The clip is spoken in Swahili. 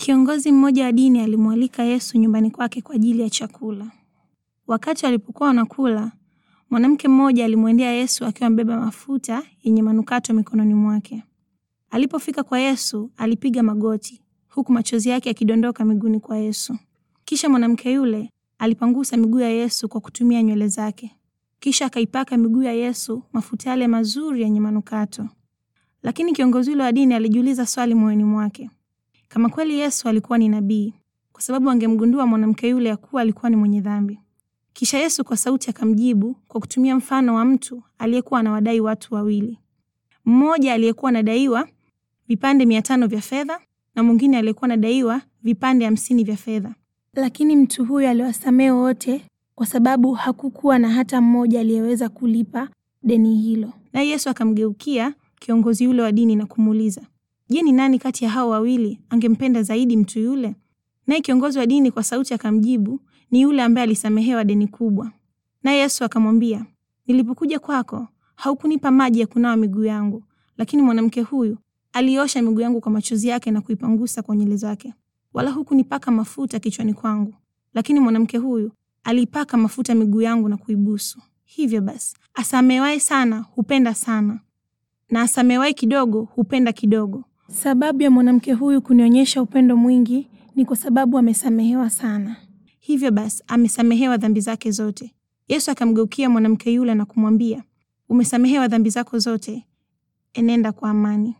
Kiongozi mmoja wa dini alimwalika Yesu nyumbani kwake kwa ajili ya chakula. Wakati walipokuwa wanakula, mwanamke mmoja alimwendea Yesu akiwa amebeba mafuta yenye manukato mikononi mwake. Alipofika kwa Yesu, alipiga magoti huku machozi yake yakidondoka miguuni kwa Yesu. Kisha mwanamke yule alipangusa miguu ya Yesu kwa kutumia nywele zake, kisha akaipaka miguu ya Yesu mafuta yale mazuri yenye manukato. Lakini kiongozi yule wa dini alijiuliza swali moyoni mwake: kama kweli Yesu alikuwa ni nabii, kwa sababu angemgundua mwanamke yule ya kuwa alikuwa ni mwenye dhambi. Kisha Yesu kwa sauti akamjibu kwa kutumia mfano wa mtu aliyekuwa anawadai watu wawili, mmoja aliyekuwa anadaiwa vipande mia tano vya fedha na mwingine aliyekuwa anadaiwa vipande hamsini vya fedha. Lakini mtu huyo aliwasamehe wote kwa sababu hakukuwa na hata mmoja aliyeweza kulipa deni hilo. Naye Yesu akamgeukia kiongozi yule wa dini na kumuuliza, Je, ni nani kati ya hao wawili angempenda zaidi mtu yule? Naye kiongozi wa dini kwa sauti akamjibu, ni yule ambaye alisamehewa deni kubwa. Naye Yesu akamwambia, nilipokuja kwako haukunipa maji ya kunawa miguu yangu, lakini mwanamke huyu aliosha miguu yangu kwa machozi yake na kuipangusa kwa nywele zake. Wala hukunipaka mafuta kichwani kwangu, lakini mwanamke huyu aliipaka mafuta miguu yangu na kuibusu. Hivyo basi, asamewaye sana hupenda sana, na asamewaye kidogo hupenda kidogo. Sababu ya mwanamke huyu kunionyesha upendo mwingi ni kwa sababu amesamehewa sana. Hivyo basi amesamehewa dhambi zake zote. Yesu akamgeukia mwanamke yule na kumwambia, umesamehewa dhambi zako zote, enenda kwa amani.